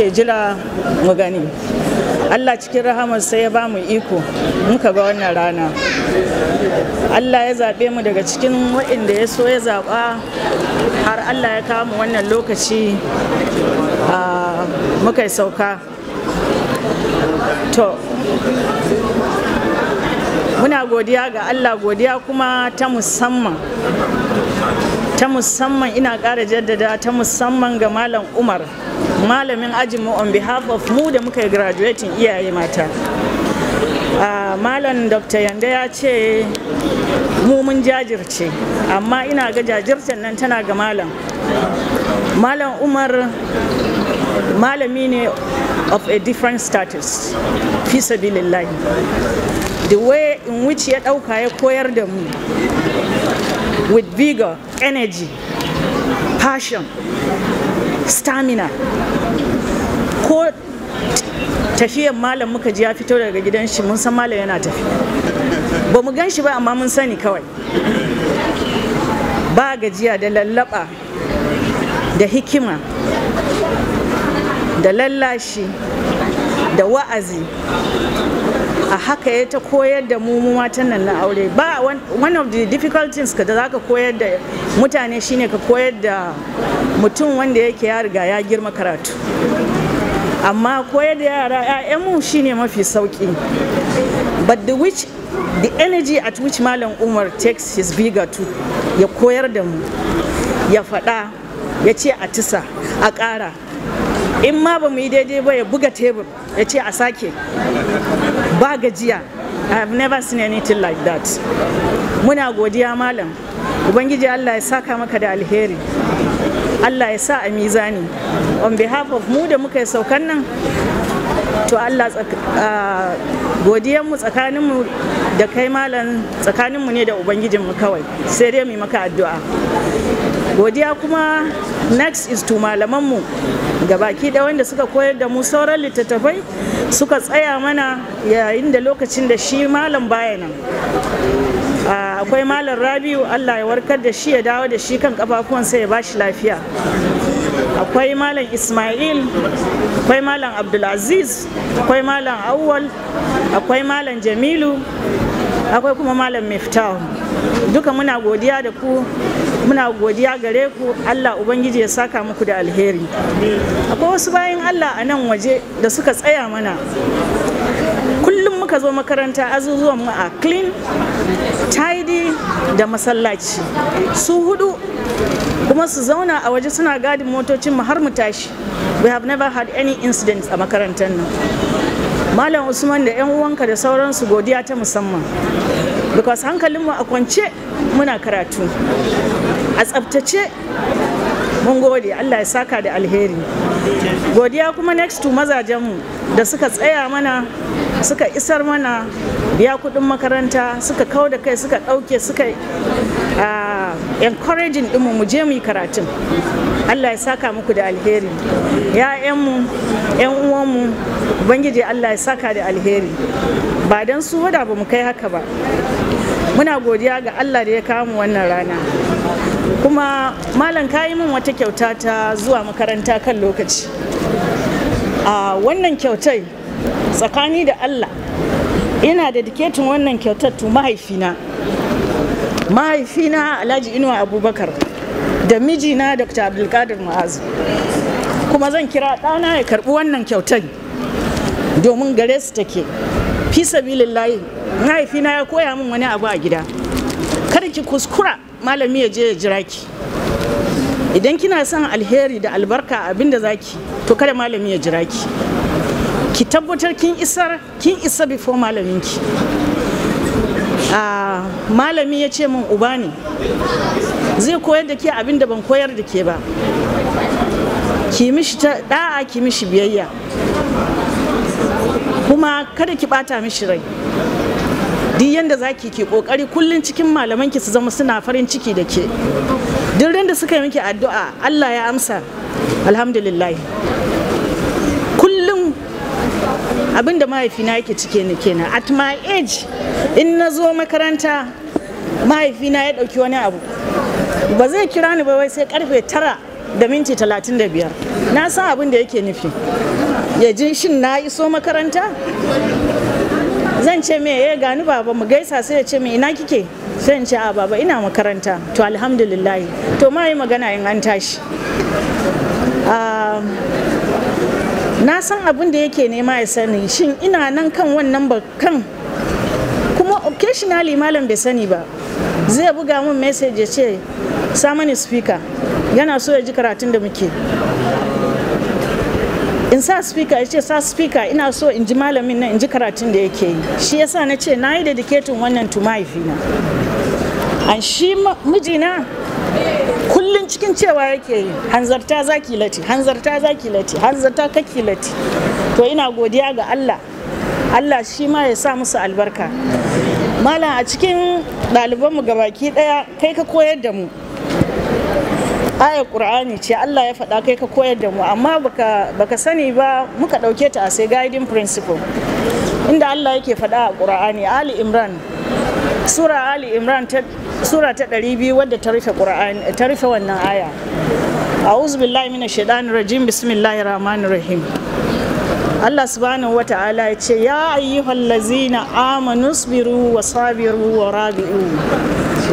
ke jira mu gani Allah cikin rahamarsa ya ba mu iko muka ga wannan rana Allah ya zaɓe mu daga cikin waɗanda ya so ya zaɓa har Allah ya kawo mu wannan lokaci muka sauka to muna godiya ga Allah godiya kuma ta musamman ta musamman ina ƙara jaddada ta musamman ga Malam Umar malamin ajinmu on behalf of mu da muka yi graduating iyaye mata ah, malam dr yanda ya ce mu mun jajirce amma ina ga jajircen nan tana ga malam malam umar malami ne of a different status fi sabilillahi the way in which ya dauka ya koyar da mu with vigor energy passion stamina ko tafiyan malam muka ji ya fito daga gidan shi mun san malam yana tafi ba mu gan shi ba amma mun sani kawai ba gajiya da lallaba da hikima da lallashi da wa'azi a haka ya ta koyar da mu matan nan na aure ba one of the difficulties ka da za ka koyar da mutane shine ka koyar da mutum wanda yake ya riga ya girma karatu amma koyar da yara 'ya'yanmu shine mafi sauki but the which the energy at which malam umar takes his bigger to ya koyar da mu ya faɗa ya ce a tisa a ƙara in ma ba mu yi daidai ba ya buga tebur ya ce a sake ba gajiya i have never seen anything like that muna godiya malam ubangiji allah ya saka maka da alheri Allah ya sa a mizani on behalf of mu da muka yi saukan nan to Allah godiyanmu tsakaninmu da kai malam tsakaninmu ne da ubangijinmu kawai sai dai mu maka addu'a godiya kuma next is to malamanmu baki da wanda suka koyar da mu sauran littattafai suka tsaya mana yayin da lokacin da shi malam baya nan akwai malam rabiu allah ya warkar da shi ya dawo da shi kan kafafuwansa ya bashi lafiya akwai malam ismail akwai malam abdulaziz akwai malam awwal akwai malam jamilu akwai kuma malam miftah duka muna godiya da ku muna godiya gare ku allah ubangiji ya saka muku da alheri akwai wasu bayan allah a nan waje da suka tsaya mana muka zo makaranta azuzuwan mu a clean tidy da masallaci su hudu kuma su zauna a waje suna gadin motocin mu har mu tashi we have never had any incidents a makarantar nan malam usman da 'yan uwanka da sauransu godiya ta musamman because mu a kwance muna karatu a tsabtace mun gode allah ya saka da alheri godiya kuma next to mazajenmu da suka tsaya mana suka isar mana biya kudin makaranta suka kau da kai suka ɗauke suka ah, encouraging din mu je mu yi karatun Allah ya saka muku da alheri Ya ‘ya'yanmu ‘yan uwanmu ubangiji Allah ya saka da alheri ba dan su wada ba mu kai haka ba muna godiya ga Allah da ya kawo mu wannan rana kuma malam kayi min wata kyauta ta zuwa makaranta kan lokaci a wannan kyautai tsakani da allah ina da diketin wannan kyautar to mahaifina mahaifina alhaji inuwa abubakar da mijina dr abdulkadir ma'azu kuma zan kira ɗana ya karɓi wannan kyautai domin gare su take fi sabilillahi mahaifina ya koya min wani abu a gida kada ki kuskura malami ya je ya jira ki idan kina son alheri da albarka abin abinda zaki to kada malami ya jira ki ki tabbatar kin isar kin isa before a ah, malami ya ce min uba ne zai koyar da ke abin da ban koyar da ke ba ki mishi ta da'a ki mishi biyayya kuma kada ki bata mishi rai duk yanda zaki ke kokari kullum cikin malaman ki su zama suna farin ciki da ke duk da suka yi miki addu'a Allah ya amsa alhamdulillah kullum abinda da mahaifina yake cike ni kenan at my age in na zo makaranta mahaifina ya ɗauki wani abu ba zai kira ni ba wai sai karfe tara da minti talatin da biyar na san abin da yake nufi ya ji shin na iso makaranta zan ce me ya eh, gani baba mu gaisa sai ya ce me ina kike sai in ce a baba ina makaranta to alhamdulillah to ma yi magana in an tashi na san abin da yake nema ya sani shin ina nan kan wannan kan kuma occasionally malam bai sani ba zai buga min message ya ce samani speaker yana so ya ji karatun da muke in sa speaker ya ce sa speaker ina so in ji malamin nan in ji karatun da yake yi shi yasa na ce na yi dedicating wannan to mahaifina an shi mijina kullum cikin cewa yake yi hanzarta za ki lati hanzarta za ki lati hanzarta ka ki lati to ina godiya ga Allah Allah shi ma ya sa musu albarka malam a cikin ɗalibanmu gabaki ɗaya kai ka koyar da mu ayar qur'ani ce Allah ya faɗa kai ka koyar da mu amma baka baka sani ba muka ɗauke ta a sai guiding principle inda Allah yake faɗa a qur'ani Ali Imran sura Ali Imran ta sura ta 200 wadda ta rufe qur'ani ta rufe wannan aya a'udhu billahi minash shaitani rajim bismillahir rahmanir rahim Allah subhanahu wa ta'ala ya ce ya ayyuhal amanu sabiru wa sabiru wa rabi'u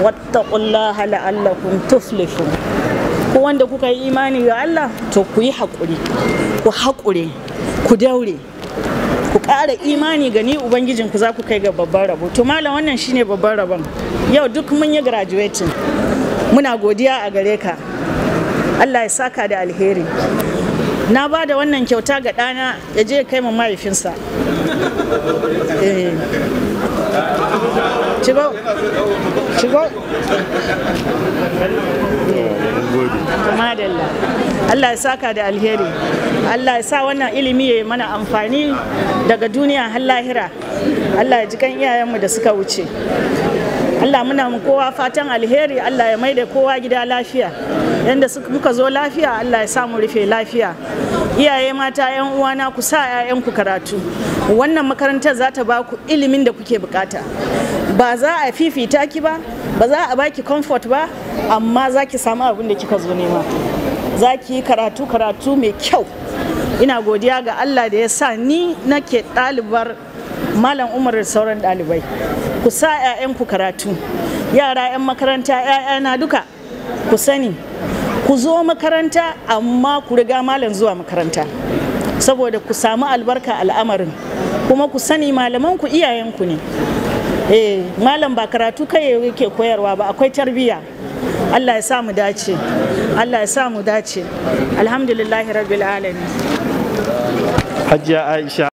wattaqullaha la'allakum tuflihun ko wanda kuka yi imani ga Allah to ku yi haƙuri ku haƙure ku daure ku ƙara imani ga ni ubangijin ku za ku kai ga babban rabo to malam wannan shine babban rabon yau duk mun yi graduating muna godiya a gare ka Allah ya saka da alheri na ba da wannan kyauta ga ɗana ya je kai ma mahaifinsa eh. shigo shigo gode madalla Allah ya saka da alheri Allah ya sa wannan ilimi ya mana amfani daga duniya har lahira Allah ya ji kan iyayenmu da suka wuce Allah muna mu kowa fatan alheri Allah ya maida kowa gida lafiya yanda muka zo lafiya Allah ya mu rufe lafiya iyaye mata yan uwana ku sa 'ya'yanku karatu wannan makarantar za ta ba ku ilimin da kuke bukata ba za a fifita ki ba ba za a baki comfort ba amma za ki samu abin da kika zo nema za ki yi karatu karatu mai kyau ina godiya ga allah da ya sa ni nake ɗalibar malam umar da sauran ɗalibai ku sa 'ya'yanku karatu yara 'yan makaranta 'ya'yana duka ku sani ku zo makaranta amma ku riga malam zuwa makaranta saboda ku samu albarka al'amarin kuma ku sani malaman iyayenku ne eh malam ba karatu kai yake koyarwa ba akwai tarbiyya Allah ya samu mu dace Allah ya samu dace alhamdulillahi rabbil alamin Hajiya Aisha